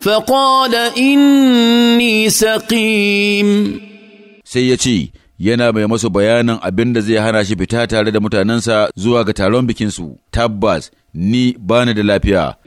فقال إني سقيم سيتي yana mai masu bayanin abin da zai hana shi fita tare da mutanensa zuwa ga taron bikinsu, tabbas ni bani da lafiya